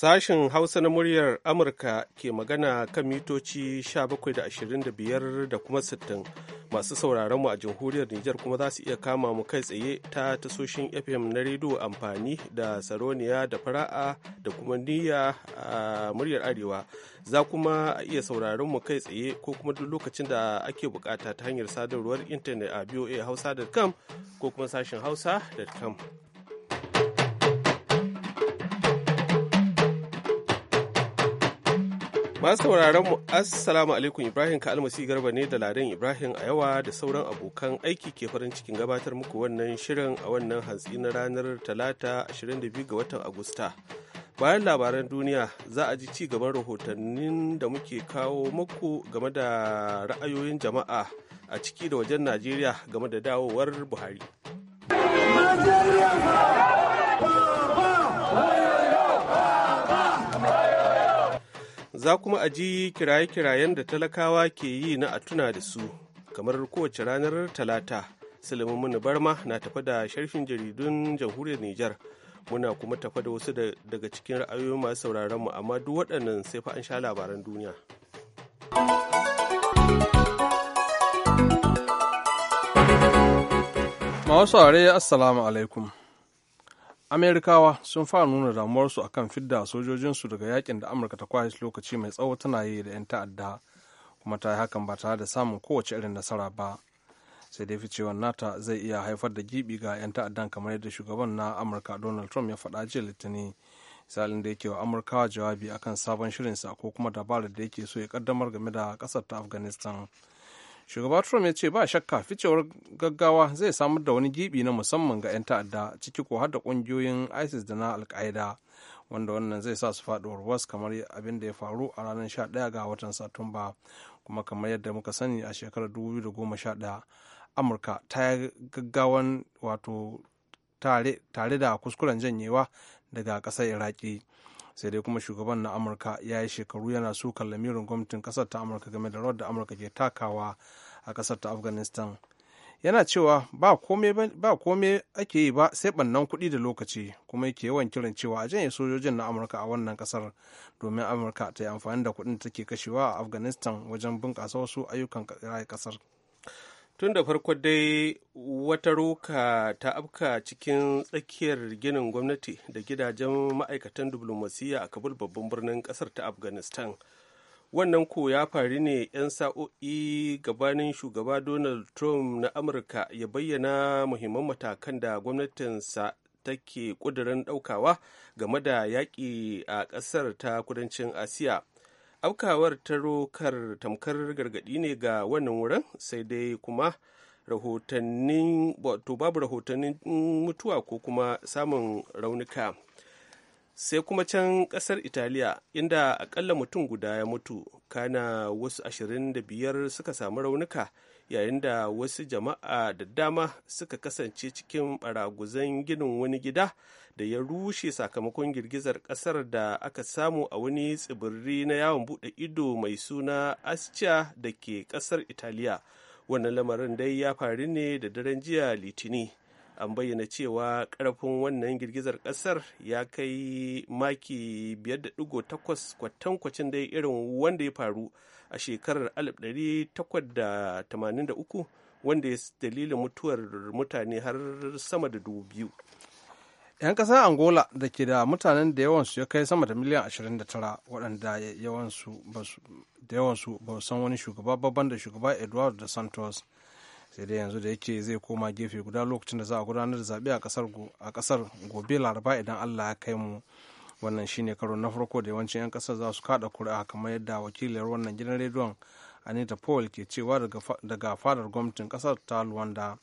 Sashen Hausa na muryar Amurka ke magana kan mitoci 17.25 da kuma 60 masu sauraron mu a jamhuriyar Nijar kuma za su iya kama mu kai tsaye ta tasoshin FM na rediyo amfani da Saroniya da Fara'a da kuma Niyya a muryar Arewa. Za kuma a iya sauraron mu kai tsaye ko kuma duk lokacin da ake bukata ta hanyar sadarwar intanet a voahausa.com ko kuma sashen hausa.com. Masu sauraron mu assalamu alaikum Ibrahim ka almasi garba ne da Ladan Ibrahim a yawa da sauran abokan aiki ke farin cikin gabatar muku wannan shirin a wannan hantsi na ranar Talata 22 ga watan Agusta. Bayan labaran duniya za a ji ci gaban rahotannin da muke kawo muku game da ra'ayoyin jama'a a ciki da wajen Najeriya game da dawowar Buhari. za kuma a ji kiraye-kirayen da talakawa ke yi na a tuna da su kamar kowace ranar talata sulaiman barma na tafa da sharfin jaridun jamhuriyar Niger. muna kuma tafa da wasu daga cikin ra'ayoyin masu sauraron mu amma duk waɗannan sai fa an sha labaran duniya masu assalamu alaikum amerikawa sun fara nuna damuwarsu akan fidda sojojinsu daga yakin da amurka ta kwashe lokaci mai tsawo tana yi da 'yan ta'adda kuma ta yi hakan ba tare da samun kowace irin nasara ba sai dai ficewar nata zai iya haifar da gibi ga 'yan ta'addan kamar yadda shugaban na amurka donald trump ya faɗa jiya litinin misalin da yake wa amurkawa jawabi akan sabon shirinsa ko kuma dabarar da yake so ya kaddamar game da kasar ta afghanistan shugaba trump ya ce ba shakka ficewar gaggawa zai samar da wani gibi na musamman ga 'yan ta'adda ciki ko har da ƙungiyoyin isis da na alkaida wanda wannan zai sa su faɗuwar was kamar abin da ya faru a ranar 11 ga watan satumba kuma kamar yadda muka sani a shekarar 2011 amurka ta yi gaggawan wato tare da kuskuren janyewa daga ƙasar iraki sai dai kuma shugaban na amurka ya yi shekaru yana sukan lamirin gwamnatin kasar ta amurka game da rawar da amurka ke takawa a kasar ta afghanistan yana cewa ba kome ake yi ba sai bannan kuɗi da lokaci kuma yake yawan kiran cewa a janye sojojin na amurka a wannan kasar domin amurka ta yi amfani da kuɗin da take kashewa a afghanistan wajen bunƙasa wasu ayyukan kasar. tun da farko dai wata roka ta afka cikin tsakiyar ginin gwamnati da gidajen ma'aikatan diplomasiya a kabul babban birnin kasar ta afghanistan wannan ko ya faru ne 'yan sa'o'i gabanin shugaba donald trump na amurka ya bayyana muhimman matakan da gwamnatinsa take kudurin daukawa game da yaƙi a ƙasar ta kudancin asiya aukawar ta rokar tamkar gargadi ne ga wannan wurin sai dai kuma rahotannin wato babu rahotannin mutuwa ko kuma samun raunuka sai kuma can kasar italiya inda akalla mutum guda ya mutu kana wasu ashirin da biyar suka samu raunuka yayin da wasu jama'a da dama suka kasance cikin baraguzan ginin wani gida da ya rushe sakamakon girgizar kasar da aka samu a wani tsibiri na yawon bude ido mai suna ascia da ke kasar italiya wannan lamarin dai ya faru ne da daren jiya litini an bayyana cewa karfin wannan girgizar kasar ya kai maki 5.8 kwatankwacin dai irin wanda ya faru a shekarar 1883 wanda ya dalilin mutuwar mutane har sama da dubu biyu. 'yan ƙasar angola da ke da mutanen da yawansu ya kai sama da miliyan 29 waɗanda yawansu ba san wani shugaba babban da shugaba eduardo da santos sai dai yanzu da yake zai koma gefe guda lokacin da za a gudanar da zaɓe a ƙasar gobe laraba idan allah ya kai mu wannan shine karo na farko da yawancin 'yan ƙasar za su kaɗa kuri'a kamar yadda wakiliyar wannan gidan rediyon anita paul ke cewa daga fadar gwamnatin ƙasar ta luwanda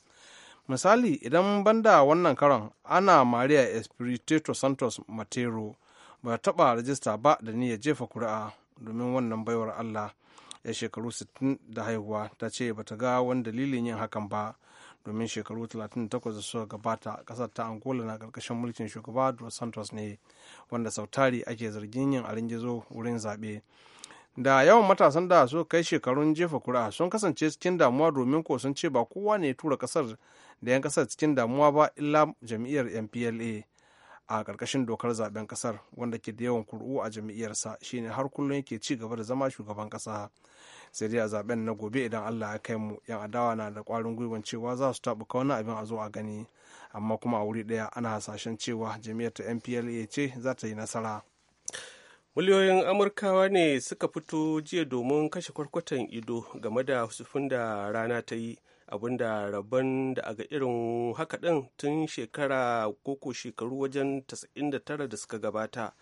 misali idan banda wannan karon ana maria espirito santos matero ba taɓa rajista ba da niyyar jefa kuri'a domin wannan baiwar allah ya shekaru 60 da haihuwa ta ce bata ga wani dalilin yin hakan ba domin shekaru 38 da suka gabata kasar ta angola na karkashin mulkin shugaba dos santos ne wanda sautari ake zargin yin aringizo wurin zaɓe da yawan matasan da su kai shekarun jefa kura sun kasance cikin damuwa domin ko sun ce ba kowa ne tura kasar da yan kasar cikin damuwa ba illa jam'iyyar mpla a ƙarƙashin dokar zaben ƙasar wanda ke da yawan kuri'u a jam'iyyarsa shine har kullum yake ci gaba da zama shugaban ƙasa sai dai a zaben na gobe idan allah ya kai mu yan adawa na da ƙwarin gwiwan cewa za su taɓa wani abin a zo a gani amma kuma a wuri ɗaya ana hasashen cewa jam'iyyar ta mpla ce za ta yi nasara miliyoyin amurkawa ne suka fito jiya domin kashe kwarkwatan ido game da sufin da rana ta yi abinda rabon da aga irin haka ɗin tun shekara koko shekaru wajen 99 da suka gabata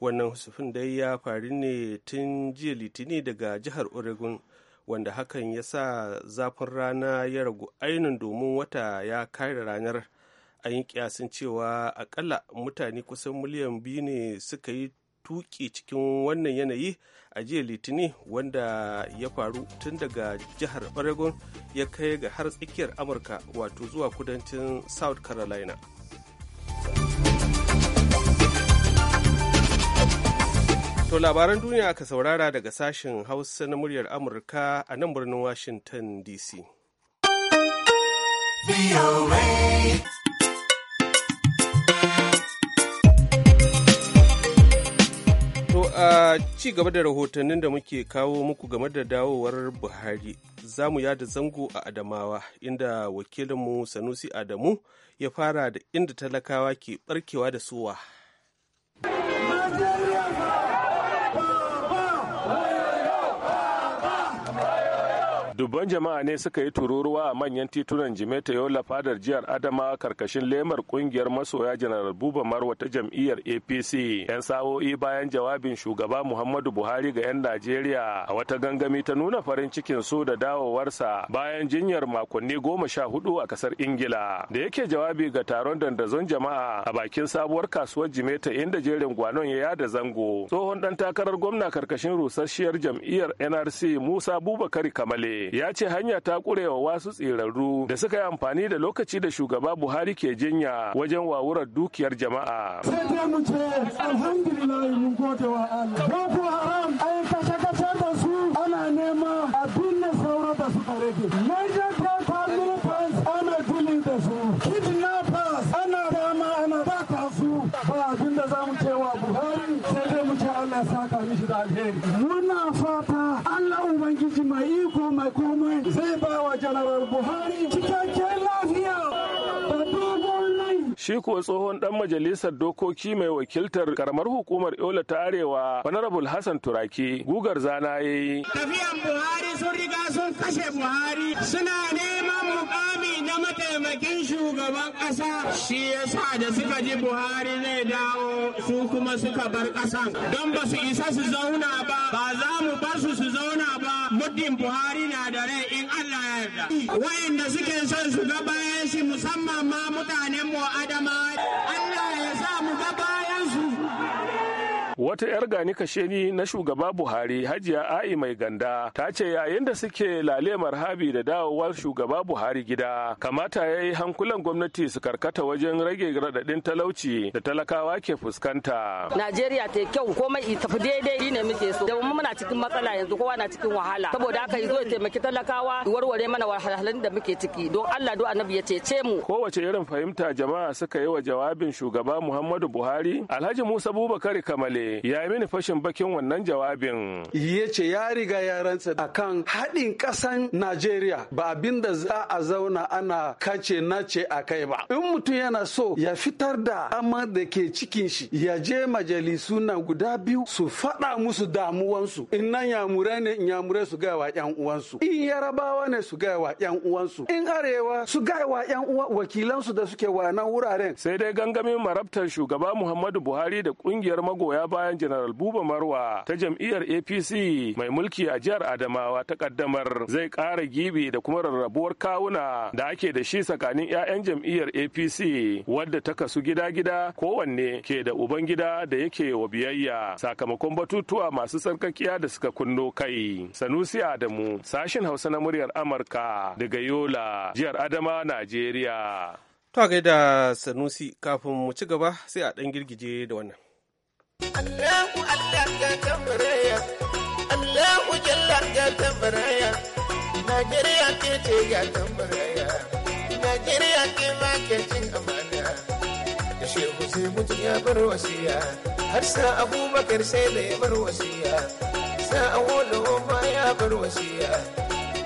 wannan husufin dai ya faru ne tun jiya litini daga jihar oregon wanda hakan ya sa zafin rana ya ragu ainihin domin wata ya kare ranar an yi kiyasin cewa akalla mutane kusan miliyan biyu ne suka yi tuki cikin wannan yanayi a jiya litini wanda ya faru tun daga jihar oregon ya kai ga har tsakiyar amurka wato zuwa kudancin south carolina To labaran duniya aka saurara daga sashen Hausa na muryar Amurka a nan birnin Washington DC. a ci gaba da rahotannin da muke kawo muku game da dawowar Buhari, za mu yada zango a Adamawa, inda wakilinmu Sanusi Adamu ya fara da inda talakawa ke barkewa da suwa. dubban jama'a ne suka yi tururuwa a manyan titunan jimeta yola fadar jihar adama karkashin lemar kungiyar masoya janar buba marwa ta jam'iyyar apc yan sa'o'i bayan jawabin shugaba muhammadu buhari ga 'yan najeriya a wata gangami ta nuna farin cikin su da dawowarsa bayan jinyar makonni goma sha hudu a kasar ingila da yake jawabi ga taron dandazon jama'a a bakin sabuwar kasuwar jimeta inda jerin gwanon ya yada zango tsohon ɗan takarar gwamna karkashin rusasshiyar jam'iyyar nrc musa bubakari kamale ya ce hanya ta kurewa wasu tsirarru da suka yi amfani da lokaci da shugaba Buhari ke jinya wajen wawurar dukiyar jama'a. Sai Haram ai kashe kashe ana nema abin da saura da rage. dama ana Ba abinda za mu Allah Muna fata Allah Ubangiji mai iko janaral buhari cikakken lafiya da dogon shi kuwa tsohon dan majalisar dokoki mai wakiltar karamar hukumar yola ta arewa honorable hassan turaki gugar zana ya yi tafiyan buhari sun riga sun kashe buhari suna neman mukami na mataimakin shugaban ƙasa. shi ya sa da suka ji buhari zai dawo su kuma suka bar kasan don ba su isa su zauna ba ba za mu bar su su zauna ba muddin buhari na da rai in allah ya yarda wayanda suke son su ga bayan shi musamman ma mutanen mu adama allah ya sa mu ga bayan Wata 'yar gani kasheni na shugaba Buhari Hajiya A'i mai ganda ta ce yayin da suke lalemar habi da dawowar shugaba Buhari gida kamata ya yi hankulan gwamnati su karkata wajen rage radadin talauci da talakawa ke fuskanta. Najeriya ta kyau komai tafi daidai ni ne muke so. Da muna cikin matsala yanzu kowa na cikin wahala. Saboda haka zo ya taimaki talakawa warware mana wahalhalun da muke ciki don Allah do annabi ya cece mu. Kowace irin fahimta jama'a suka yi wa jawabin shugaba Muhammadu Buhari Alhaji Musa Bubakari Kamale Eh. ya yi mini fashin bakin wannan jawabin. Ya ce ya riga ya rantsa kan haɗin ƙasan Najeriya ba abin da za a zauna ana kace na ce a kai ba. In mutum yana so ya fitar da amma da ke cikin shi ya je majalisu na guda biyu su faɗa musu damuwansu. In nan yamure ne in yamure su gaya wa ‘yan uwansu. In yarabawa ne su gaya wa ‘yan uwansu. In arewa su gaya wa ‘yan uwa wakilansu da suke wa nan wuraren. Sai dai gangamin marabtar shugaba Muhammadu Buhari da ƙungiyar magoya ba. bayan janaral Buba Marwa ta jam'iyyar APC mai mulki a jihar Adamawa ta kaddamar zai ƙara gibi da kuma rarrabuwar kawuna da ake da shi tsakanin 'ya'yan jam'iyyar APC wadda ta kasu gida-gida kowanne ke da uban gida da yake wa biyayya sakamakon batutuwa masu tsarkakiya da suka kunno kai. Sanusi Adamu sashin Hausa na muryar Amurka daga Yola jihar Adama Najeriya. To gaida Sanusi kafin mu ci gaba sai a ɗan girgije da wannan. Allahu Allah ka tambaraya, Allahu Jalla ka tambaraya, Najeriya ke ce ga tambaraya, Najeriya ke ma ke cin amana. Da shehu sai mutum ya bar wasiya, har sa abubakar sai da ya bar wasiya, sa awolowo ma ya bar wasiya,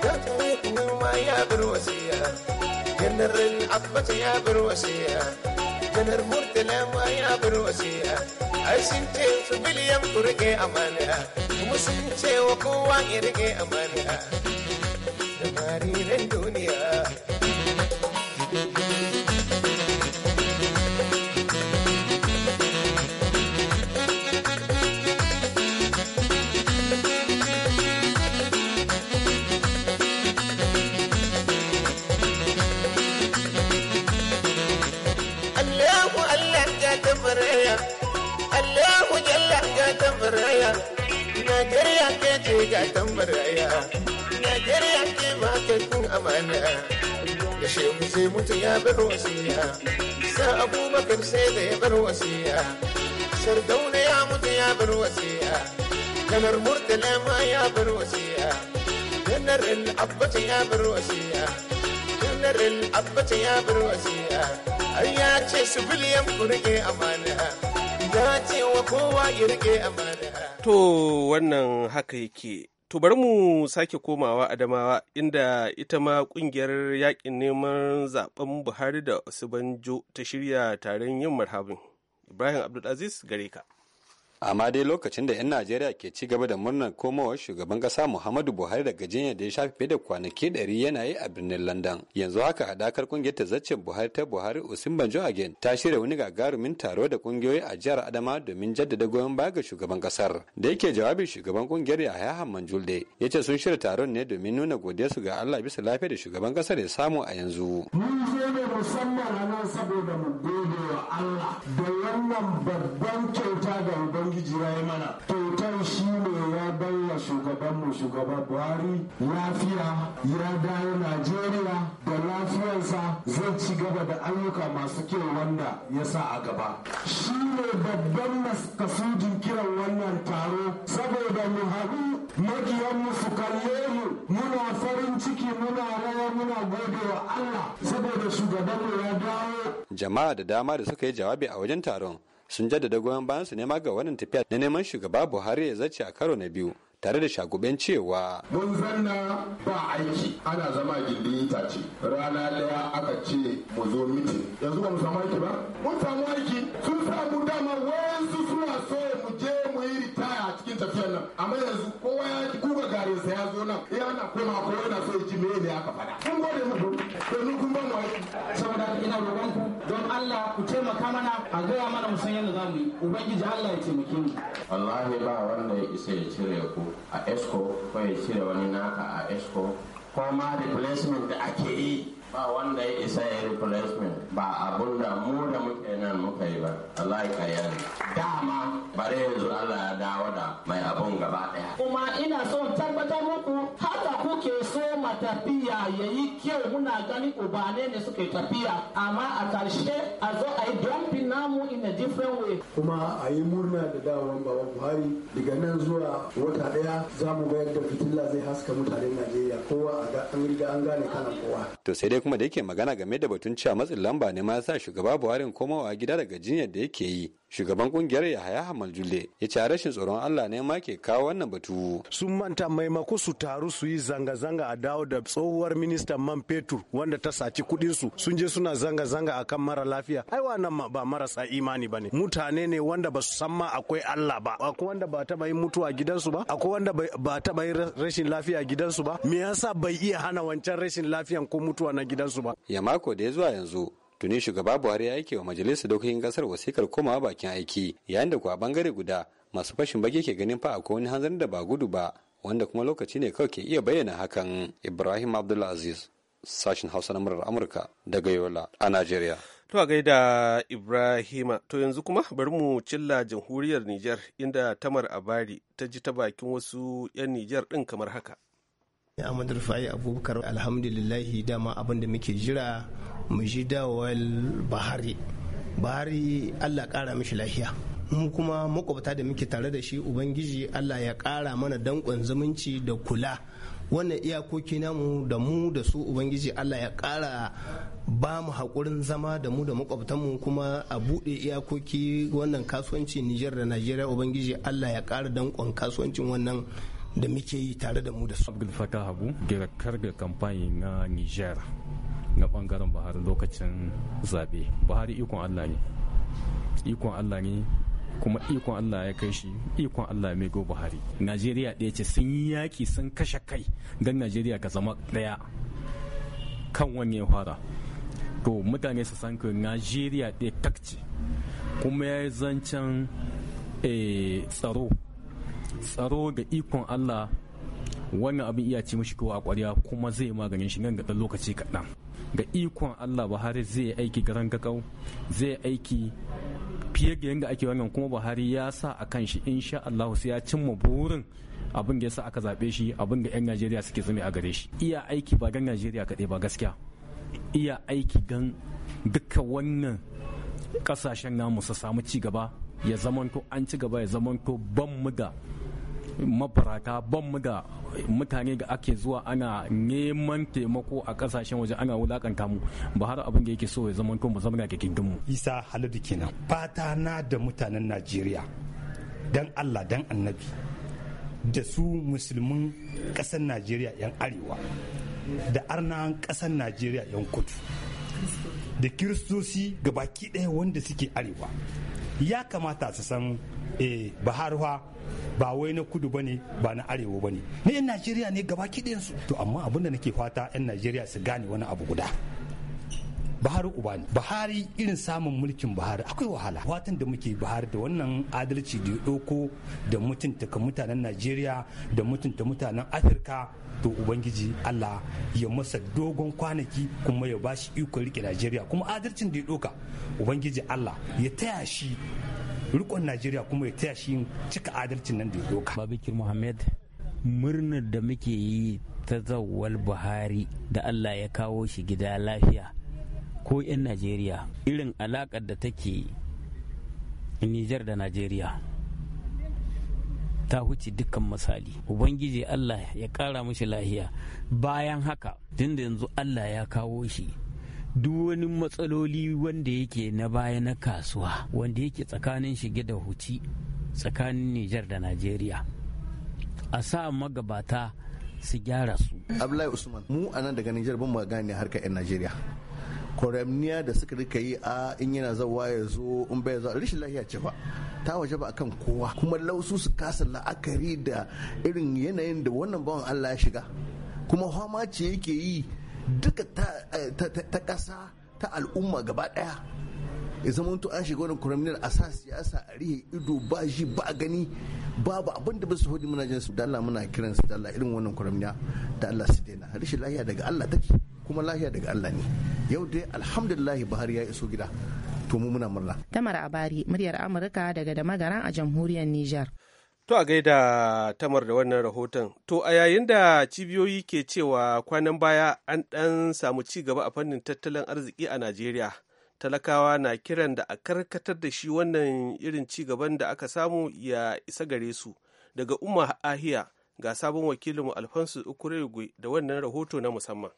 da kuma ma ya bar wasiya, janaral abbata ya bar wasiya. maganar murtala ma ya bar wasiya ai sun ce su biliyan ku rike amana kuma sun ce wa kowa ya rike amana da mariran duniya Najeriya ke ce ga tambaraya. Najeriya ke ba kun amana. Ya shehu sai mutu ya bar wasiya. Sa Abubakar sai da ya bar wasiya. Sardauna ya mutu ya bar wasiya. Kamar Murtala ma ya bar wasiya. Janar Abbas ya bar wasiya. Janar Abbas ya bar wasiya. Ai ya ce su biliyan ku rike amana. Ya ce wa kowa ya rike amana. To wannan haka yake. To bari mu sake komawa Adamawa inda ita ma kungiyar yakin neman zaben Buhari da Osibanjo ta shirya taron yin marhabin. Ibrahim Abdulaziz gare ka. amma dai lokacin da 'yan najeriya ke ci gaba da murnar komowar shugaban kasa muhammadu buhari daga jinya da ya shafi fiye da kwanaki 100 yana yi a birnin london yanzu haka hadakar kungiyar ta zace buhari ta buhari usin banjo again ta shirya wani gagarumin taro da kungiyoyi a jihar adama domin jaddada goyon baya ga shugaban kasar da yake jawabin shugaban kungiyar haya hamman julde ya ce sun shirya taron ne domin nuna godiyarsu ga allah bisa lafiya da shugaban kasar ya samu a yanzu. musamman saboda mu gode wa allah da wannan babban kyauta da ubangiji ya yi mana kyautar shi ne ya baiwa shugabanmu shugaba buhari lafiya ya dawo najeriya da lafiyarsa zai ci gaba da ayyuka masu kyau wanda ya sa a gaba shi ne babban kasudin kiran wannan taro saboda mu haɗu makiyanmu su kalle mu muna farin ciki muna rawa muna gode wa allah saboda shugabanmu ya dawo jama'a da dama da suka yi jawabi a wajen taron sun jaddada goyon bayan su nema ga wannan tafiya na neman shugaba Buhari ya zace a karo na biyu tare da shaguben cewa mun zanna ba aiki ana zama gindin tace. rana daya aka ce mu zo mitin yanzu ba mu samu aiki ba mun samu aiki sun samu damar wayansu suna so mu je mu yi ritaya a cikin tafiyar nan amma yanzu kowa ya ji kuka garinsa ya zo nan ya eh, ana koma ko yana so ya ji me ne aka fada? kun gode muku domin kun ban wai saboda ina roƙon ku don Allah ku taimaka mana a gaya mana mu san yadda za mu yi ubangiji Allah ya taimake mu wallahi ba wanda ya isa ya cire ku a esco ko ya cire wani naka a esco ko ma replacement da ake yi ba wanda ya isa ya replacement ba abun da mu da muke nan muka yi ba Allah ya kare dama bare yanzu Allah ya dawo da mai abun gaba daya kuma ina so tabbatar muku haka kuke so tafiya ya yi kyau muna gani ubane ne suke tafiya amma a karshe a zo a yi dumping namu in a different way kuma a yi murna da dawon baba buhari daga nan zuwa wata daya za mu ga yadda fitila zai haska mutanen najeriya kowa a ga an riga an gane kana kowa to sai dai kuma da yake magana game da batun cewa matsin lamba ne ma ya sa shugaba buhari komawa gida daga jinyar da yake yi shugaban kungiyar Yahaya Hamal Jule ya ce rashin tsoron Allah ne ma ke kawo wannan batu. Sun manta maimako su taru su yi zanga-zanga a dawo da tsohuwar ministan man fetur wanda ta saci kuɗin su sun je suna zanga-zanga akan mara lafiya. Ai wannan ba marasa imani bane. Mutane ne wanda ba su san ma akwai Allah ba. Akwai wanda ba taba yin mutuwa a gidansu ba. Akwai wanda ba taba yin rashin lafiya a gidansu ba. Me yasa bai iya hana wancan rashin lafiyan ko mutuwa na gidansu ba. Ya mako da ya zuwa yanzu tuni shugaba buhari ya aike wa majalisar dokokin kasar wasikar komawa bakin aiki yayin da kuwa bangare guda masu fashin baki ke ganin fa akwai wani hanzarin da ba gudu ba wanda kuma lokaci ne kawai ke iya bayyana hakan ibrahim abdulaziz sashen hausa na murar amurka daga yola a nigeria. To a gaida Ibrahima, to yanzu kuma bari mu cilla jamhuriyar niger inda Tamar Abari ta ji ta bakin wasu 'yan niger ɗin kamar haka. ya Ahmad Rufai Abubakar alhamdulillahi dama abin da muke jira mu ji dawal Bahari Bahari Allah kara mishi lafiya mu kuma makwabta da muke tare da shi ubangiji Allah ya kara mana dankon zumunci da kula wannan iyakoki namu da mu da su ubangiji Allah ya kara ba mu haƙurin zama da mu da makwabtanmu kuma a buɗe iyakoki wannan kasuwanci Nijar da Najeriya Ubangiji Allah ya kara danƙon kasuwancin wannan da muke yi tare da mu da su. Abdul Habu, girakar ga kamfani na Niger na bangaren Buhari lokacin zabe. Buhari ikon Allah ne. Ikon Allah ne kuma ikon Allah ya kai shi ikon Allah mai go Buhari. Najeriya ɗaya ce sun yi yaƙi sun kashe kai don Najeriya ka zama ɗaya kan wani ya fara. To mutane su san Najeriya ɗaya takce kuma ya yi zancen eh, tsaro tsaro ga ikon Allah wannan abin iya ce mishi kowa a kwarya kuma zai maganin shi nan ga ɗan lokaci kaɗan ga ikon Allah Buhari zai aiki garan gagau zai aiki fiye ga yadda ake wannan kuma Buhari ya sa a kan shi insha Allah sai ya cimma burin abin da ya sa aka zaɓe shi abin da 'yan Najeriya suke zame a gare shi iya aiki ba gan Najeriya kaɗai ba gaskiya iya aiki gan duka wannan kasashen namu su samu ci gaba ya zamanto an ci gaba ya zamanto ban mu da mafaraka ban mu da mutane da ake zuwa ana neman taimako a kasashen waje ana wulakanta mu ba har abin da yake so ya zama kuma zama ga mu isa haladu kenan fata na da mutanen najeriya dan allah dan annabi da su musulmin kasar najeriya yan arewa da arnan kasar najeriya yan kudu da kiristoci gabaki ɗaya wanda suke arewa ya kamata su san eh baharuwa ba wai na kudu bane ba na arewa bane ni yan najeriya ne gaba kiɗinsu to amma abinda nake fata yan najeriya su gane wani abu guda Buhari uba ne Buhari irin samun mulkin Buhari akwai wahala watan da muke Buhari da wannan adalci da ya ɗauko da mutunta ka mutanen Najeriya da mutunta mutanen Afirka to ubangiji Allah ya masa dogon kwanaki kuma ya bashi ikon rike Najeriya kuma adalcin da ya doka ubangiji Allah ya taya shi rikon Najeriya kuma ya taya shi cika adalcin nan da ya doka. Babikir Muhammad murnar da muke yi ta zawwal Buhari da Allah ya kawo shi gida lafiya ko 'yan najeriya irin alaƙar da take nijar da najeriya ta huce dukkan misali ubangiji allah ya kara mashi lahiya bayan haka tun da yanzu allah ya kawo shi duk wani matsaloli wanda yake na baya na kasuwa wanda yake tsakanin shige da huci tsakanin nijar da najeriya a sa magabata su gyara su abdullahi usman mu anan daga nijar ban ma gane harkar 'yan najeriya kwaramniya da suka rika yi a in yana zawa ya zo in bai zo rashin lafiya ce ba ta waje ba akan kowa kuma lausu su kasa la'akari da irin yanayin da wannan bawan Allah ya shiga kuma hama ce yake yi duka eh, ta ƙasa ta al'umma gaba ɗaya ya zama to an shiga wani kuramniyar a sa siyasa a rihe ido ba shi ba gani babu abin da ba su hudu muna jinsu da Allah muna kiran su da Allah irin wannan kuramniya da Allah su daina rashin lahiya daga Allah take kuma lahiya daga Allah ne yau dai alhamdulillah Buhari ya iso gida to mu muna murna Tamar Abari muryar Amurka daga Damagaran a jamhuriyar Niger To a gaida tamar da wannan rahoton. To a yayin da cibiyoyi ke cewa kwanan baya an ɗan samu ci gaba a fannin tattalin arziki a Najeriya. talakawa na kiran da a karkatar da shi wannan irin ci gaban da aka samu ya isa gare su daga umma ahiya ga sabon wakilinmu alfonso ukuregui da wannan rahoto na musamman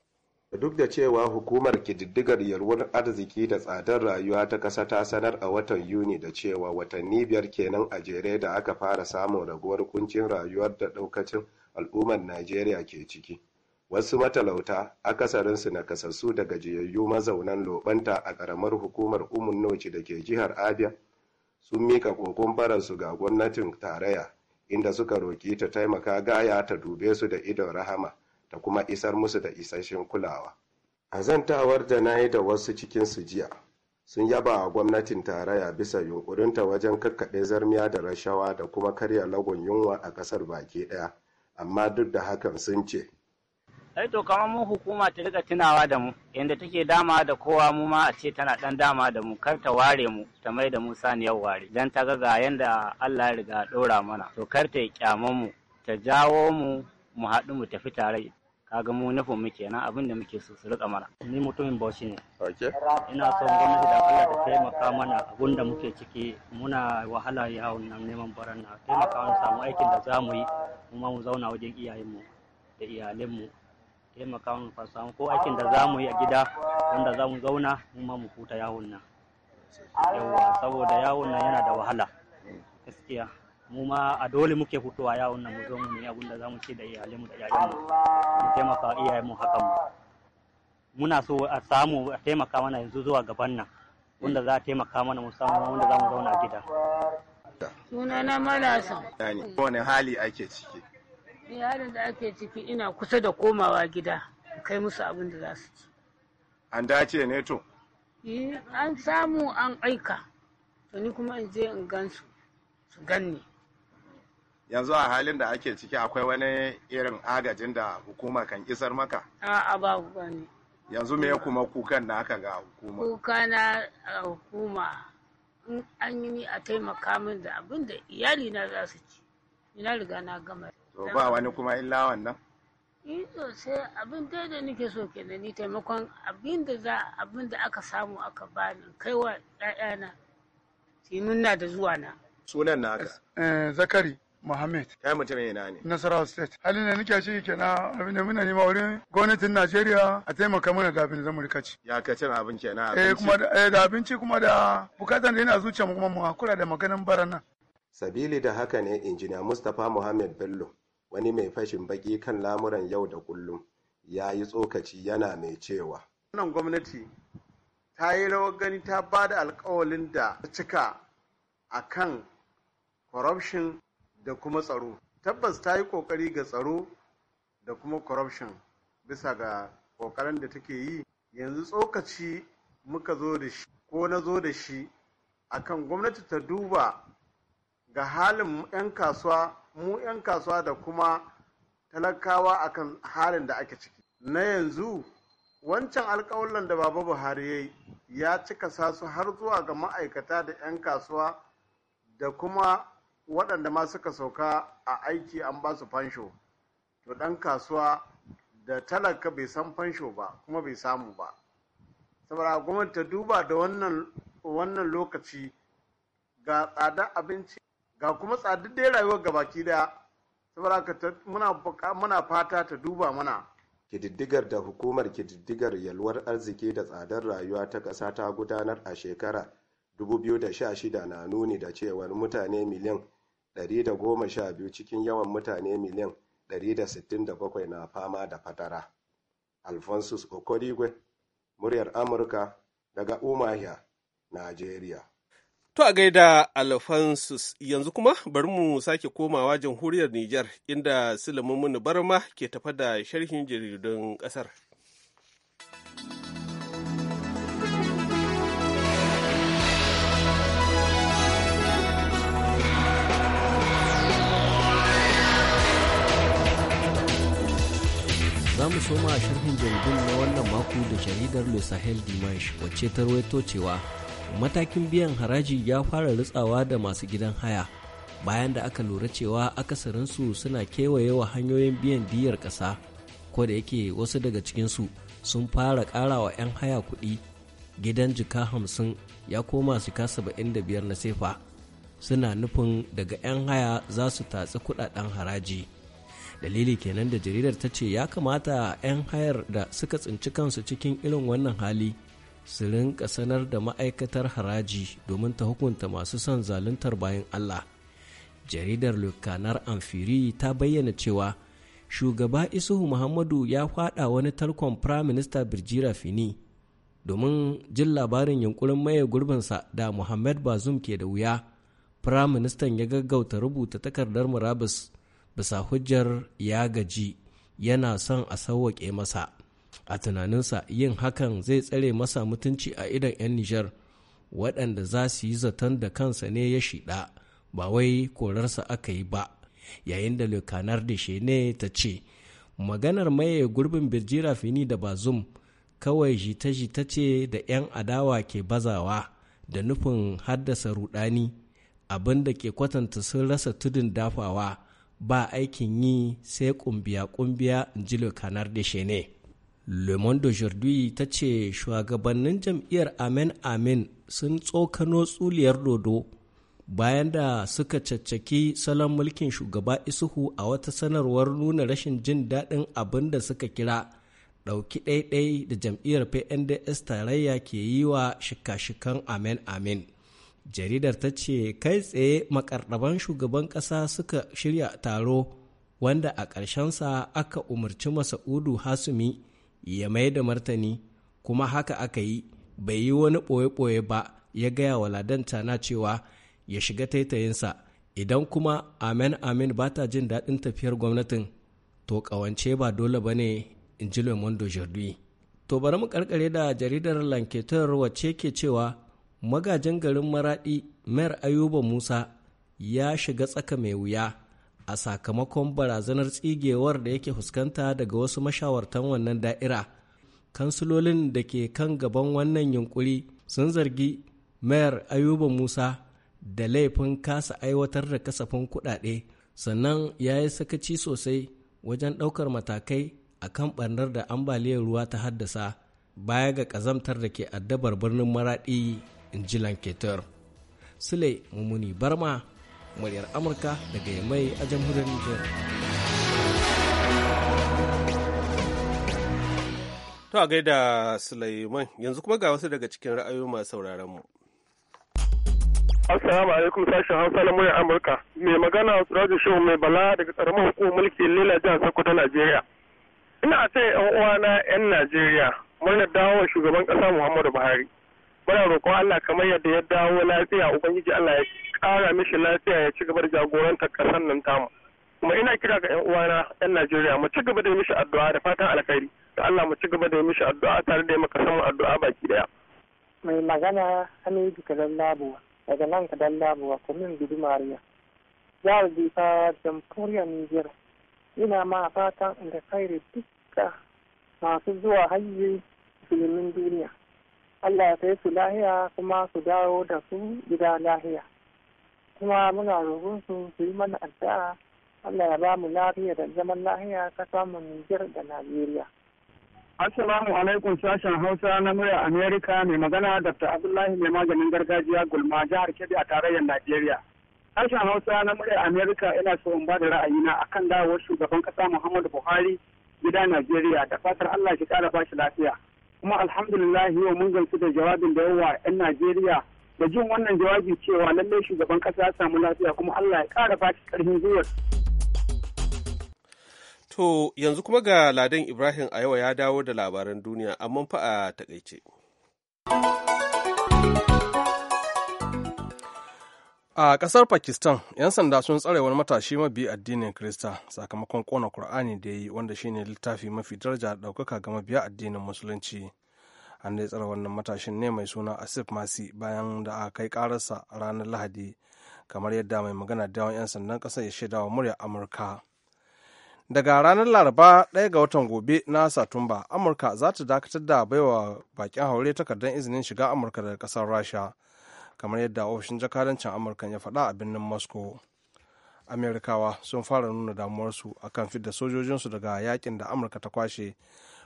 duk da cewa hukumar kididdigar yalwar arziki da tsadar rayuwa ta ƙasa ta sanar a watan yuni da cewa watanni biyar kenan a jere da aka fara samun raguwar kuncin rayuwar da daukacin al'ummar najeriya ke ciki wasu matalauta akasarinsu na kasassu da gajiyayyu mazaunan lobanta a ƙaramar hukumar Umunnoci da ke jihar abia sun mika kokon faransu ga gwamnatin tarayya inda suka roƙi ta taimaka gaya ta dube su da idon rahama ta kuma isar musu da isasshen kulawa a zantawar da na yi da wasu cikin su jiya sun yaba a gwamnatin tarayya bisa yunkurinta wajen kakkaɗe zarmiya da rashawa da kuma karya lagon yunwa a ƙasar baki ɗaya amma duk da hakan sun ce Sai to kamar mun hukuma ta rika tunawa da mu yadda take dama da kowa mu ma a ce tana dan dama da mu kar ta ware mu ta mai da ne yau ware dan ta ga yanda Allah ya riga dora mana to kar ta kyaman mu ta jawo mu mu haɗu mu tafi tare kaga mu nufin mu kenan abin da muke so su rika mana ni mutumin Bauchi ne ina son gwamnati da Allah ta taimaka mana abin da muke ciki muna wahala ya nan neman baran na taimaka mu samu aikin da za mu yi kuma mu zauna wajen iyayenmu da iyalanmu taimaka mu samu ko aikin da za mu yi a gida wanda za mu zauna mu ma mu huta yawon nan yawa saboda yawon nan yana da wahala gaskiya mu ma a dole muke hutuwa yawon nan mu zo mu yi abin da za mu ce da iyalinmu da iyayenmu mu taimaka wa iyayenmu haka mu muna so a samu a taimaka mana yanzu zuwa gaban nan wanda za a taimaka mana mu samu wanda za mu zauna a gida sunana malasa wani hali ake ciki da da ake ciki ina kusa da komawa gida kai musu abin da za su ci an dace ne to eh, an samu an aika to ni kuma in je in gan su su ganni yanzu a halin da ake ciki akwai wani irin agajin da hukuma kan isar maka a'a babu ne. yanzu me kuma kukan aka ga hukuma kuka na hukuma in an yi ni a taimaka min da abin da iyali na za su ci ina riga na gama to ba wani kuma illa wannan eh to sai abin da da nake so kenan ni taimakon abin da za abin da aka samu aka bani kaiwa ƴaƴana su nuna da zuwa na sunan naka eh, zakari Mohammed. Kai mutum ina ne? Nasarawa State. Halin da nake ciki kenan abin da muna nema wurin gwamnatin Najeriya a taimaka mana da abin da kaci. rika ci. Ya ka cin abin kenan. Eh kuma eh, da abinci kuma da bukatar da yana zuciya mu kuma mu hakura da maganin barana. Sabili da haka ne injiniya Mustapha Mohammed Bello wani mai fashin baki kan lamuran yau da kullum ya yi tsokaci yana mai cewa wannan gwamnati ta yi rawar gani ta ba da alkawalin da cika a kan corruption da kuma tsaro tabbas ta yi kokari ga tsaro da kuma corruption bisa ga kokarin da take yi yanzu tsokaci muka zo da shi ko na zo da shi akan gwamnati ta duba ga halin 'yan kasuwa mu 'yan kasuwa da kuma talakawa akan halin da ake ciki na yanzu wancan alkawalan da baba buhari ya yi ya cika sasu har zuwa ga ma'aikata da 'yan kasuwa da kuma waɗanda ma suka sauka a aiki an ba su fansho to ɗan kasuwa da talaka bai san fansho ba kuma bai samu ba saboda gwamnati ta duba da wannan lokaci ga tsadar abinci ga kuma tsadidai rayuwar gabaki daya saboda ka muna fata ta duba mana kididdigar da hukumar kididdigar yalwar arziki da tsadar rayuwa ta ƙasa ta gudanar a shekara 2016 na nuni da cewar mutane miliyan 112 cikin yawan mutane miliyan 167 na fama da fatara. Alphonsus Okorigwe, muryar Amurka daga Umahia, Najeriya. To a gaida Alphonsus yanzu kuma bari mu sake komawa jamhuriyar Nijar inda Sulaiman Barma ke tafa da sharhin jaridun ƙasar. za mu soma a sharhin jaridun na wannan mako da jaridar le sahel dimash wacce ta rawaito cewa matakin biyan haraji ya fara ritsawa da masu gidan haya bayan da aka lura cewa akasarinsu suna kewaye wa hanyoyin biyan diyar ƙasa ko da yake wasu daga cikinsu sun fara wa 'yan haya kuɗi gidan jika hamsin ya koma jika saba'in da biyar na sefa suna nufin daga 'yan haya za su tatsi kudaden haraji dalili kenan da jaridar ta ce ya kamata 'yan hayar da suka tsinci kansu cikin irin wannan hali su rinka sanar da ma'aikatar haraji domin ta hukunta masu son zaluntar bayan Allah. Jaridar Lukanar Amfiri ta bayyana cewa shugaba Isuhu Muhammadu ya fada wani tarkon Firaminista Birjira Fini domin jin labarin yunkurin maye gurbinsa da Muhammad Bazum ke da wuya. Firaministan ya gaggauta rubuta takardar murabus bisa hujjar ya gaji yana son a sauwaƙe masa. a tunaninsa yin hakan zai tsare masa mutunci a idon 'yan nijar waɗanda za su yi zaton da kansa ne ya shiɗa ba wai korarsa aka yi ba yayin da lokanar da ne ta ce maganar maye gurbin birjira fini da bazum kawai jita-jita ce da 'yan adawa ke bazawa da nufin haddasa rudani abin da ke kwatanta sun rasa tudun dafawa ba aikin yi sai kumbiya-kumbiya in ji lokanar da ne. Le Monde aujourd'hui ta ce shugabannin jam'iyyar Amen Amen sun tsokano tsuliyar dodo bayan da suka caccaki salon mulkin shugaba Isuhu a wata sanarwar nuna rashin jin daɗin abin da suka kira ɗauki ɗaiɗai da jam'iyyar PNDS tarayya ke yi wa shika-shikan Amen Amen. Jaridar ta ce kai tsaye makarɗaban shugaban ƙasa suka shirya taro wanda a ƙarshensa aka umarci Masa'udu Hasumi. ya mai da martani kuma haka aka yi bai yi wani ɓoye-ɓoye ba ya gaya wa ladanta na cewa ya shiga taitayinsa idan kuma amen amen ba ta jin daɗin tafiyar gwamnatin to ƙawance ba dole ba ne in ji lemondo jardui to bari mu karkare da jaridar lanketar wacce ke cewa magajin garin maraɗi mayar ayuba musa ya shiga tsaka mai wuya a sakamakon barazanar tsigewar da yake fuskanta daga wasu mashawartan wannan da'ira kansulolin da ke kan gaban wannan yunkuri sun zargi mayar ayuba musa da laifin kasa aiwatar da kasafin kuɗaɗe sannan ya yi sakaci sosai wajen ɗaukar matakai a kan ɓarnar da ambaliyar ruwa ta haddasa baya ga ƙazamtar da ke addabar birnin maraɗi in ji lanketar sule mummuni barma muryar amurka daga yamai a jamhuriyar niger to a gaida sulaiman yanzu kuma ga wasu daga cikin ra'ayoyi masu sauraron mu Assalamu alaikum sashen Hausa na muryar Amurka. Mai magana Surajo Shehu mai bala daga karamar hukumar mulki Lila jihar Sokoto Najeriya. Ina ce yan uwana yan Najeriya murnar dawo shugaban ƙasa Muhammadu Buhari. Muna roƙon Allah kamar yadda ya dawo lafiya Ubangiji Allah ya kara mishi lafiya ya ci gaba da jagorantar kasar nan tamu kuma ina kira ga 'yan uwana 'yan Najeriya mu ci gaba da mishi addu'a da fatan alkhairi da Allah mu ci gaba da mishi addu'a tare da maka samun addu'a baki daya mai magana Hamidu Kadan Labuwa daga nan Kadan Labuwa min Gudu Mariya jihar Bifa Jamhuriyar Nijar ina ma fatan alkhairi duka masu zuwa hajji filimin duniya Allah ya kai su lahiya kuma su dawo da su gida lahiya kuma muna roƙon su su yi mana addu'a Allah ya ba mu lafiya da zaman lahiya ka samu Niger da Najeriya. Assalamu alaikum sashen Hausa na murya Amerika mai magana Dr. Abdullahi mai maganin gargajiya Gulma jihar Kebbi a tarayyar Najeriya. Sashen Hausa na murya Amerika ina so in ba da ra'ayina akan dawowar shugaban kasa Muhammadu Buhari gida Najeriya da fatar Allah shi kara bashi lafiya. Kuma alhamdulillah yau mun gamsu da jawabin da yawa 'yan Najeriya da jin wannan jawabi cewa lallai shugaban kasa ya samu lafiya kuma Allah ya ƙara ba shi ƙarfin gwiwa. To yanzu kuma ga Ladan Ibrahim a yawa ya dawo da labaran duniya amma fa a takaice. A ƙasar Pakistan, 'yan sanda sun tsare wani matashi mabi addinin Krista sakamakon ƙona Kur'ani da ya yi wanda shine littafi mafi daraja ɗaukaka ga mabiya addinin Musulunci. an dai tsara wannan matashin ne mai suna asif masi bayan da aka kai kararsa ranar lahadi kamar yadda mai magana da yawan 'yan sandan ƙasar ya shaidawa murya amurka daga ranar laraba ɗaya ga watan gobe na satumba amurka za ta dakatar da baiwa bakin haure takardar izinin shiga amurka daga kasar rasha kamar yadda ofishin jakadancin amurka ya faɗa a birnin moscow amerikawa sun fara nuna damuwarsu akan fidda sojojinsu daga yakin da amurka ta kwashe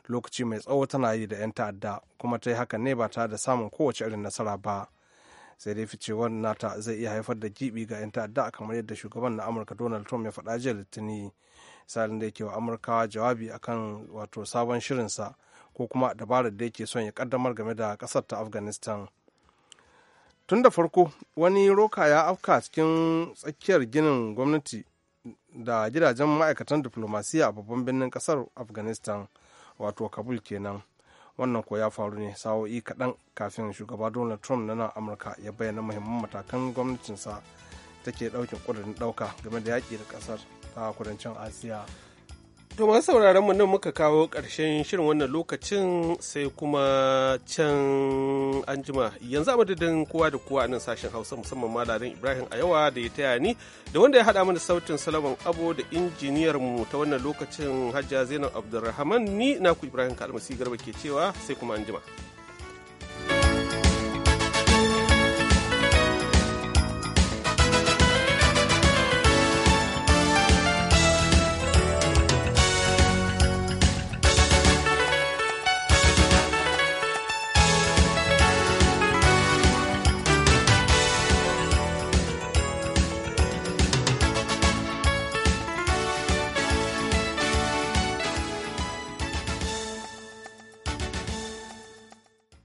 lokaci mai tsawo tana yi da 'yan ta'adda kuma ta yi haka ne ba tare da samun kowace irin nasara ba sai dai ficewar nata zai iya haifar da gibi ga 'yan ta'adda kamar yadda shugaban na amurka donald trump ya faɗa jiya litini salin da yake wa amurka jawabi akan wato sabon shirinsa ko kuma dabarar da yake son ya kaddamar game da kasar ta afghanistan tun da farko wani roka ya afka cikin tsakiyar ginin gwamnati da gidajen ma'aikatan diplomasiya a babban birnin ƙasar afghanistan wato kabul kenan wannan ko ya faru ne sa'o'i kaɗan kafin shugaba donald trump na nan amurka ya bayyana muhimman matakan gwamnatinsa take ɗaukin ƙudurin ɗauka game da yaƙi da ƙasar ta kudancin asiya To masu sauraron mu nan muka kawo ƙarshen shirin wannan lokacin sai kuma can anjima yanzu a madadin kowa da kowa a nan sashen Hausa musamman malamin Ibrahim Ayawa da ya taya ni da wanda ya haɗa mana sautin Salaman Abo da injiniyar mu ta wannan lokacin Hajja Zainab Abdulrahman ni naku Ibrahim Kalmasi Garba ke cewa sai kuma anjima.